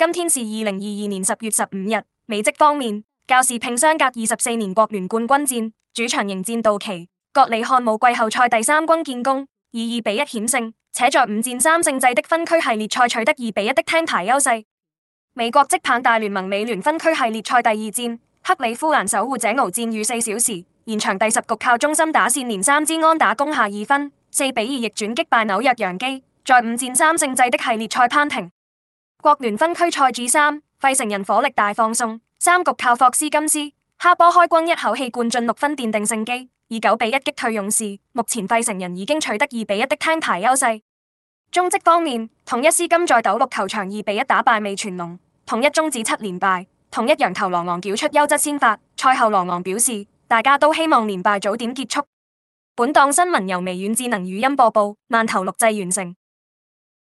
今天是二零二二年十月十五日。美職方面，教士拼相隔二十四年國聯冠軍戰，主場迎戰道奇，葛里漢姆季後賽第三轟建功，以二,二比一險勝，且在五戰三勝制的分區系列賽取得二比一的聽牌優勢。美國職棒大聯盟美聯分區系列賽第二戰，克里夫蘭守護者鏖戰逾四小時，延長第十局靠中心打線連三支安打攻下二分，四比二逆轉擊敗紐約洋基，在五戰三勝制的系列賽攀平國聯分區賽主三費城人火力大放送，三局靠霍斯金斯哈波開軍一口氣灌進六分奠定勝機，以九比一擊退勇士。目前費城人已經取得二比一的聽牌優勢。中職方面，統一斯金在斗六球場二比一打敗味全龍，統一終止七連敗。統一洋投狼狼繳出優質先發，賽後狼狼表示大家都希望連敗早點結束。本檔新聞由微軟智能語音播報，慢頭錄製完成。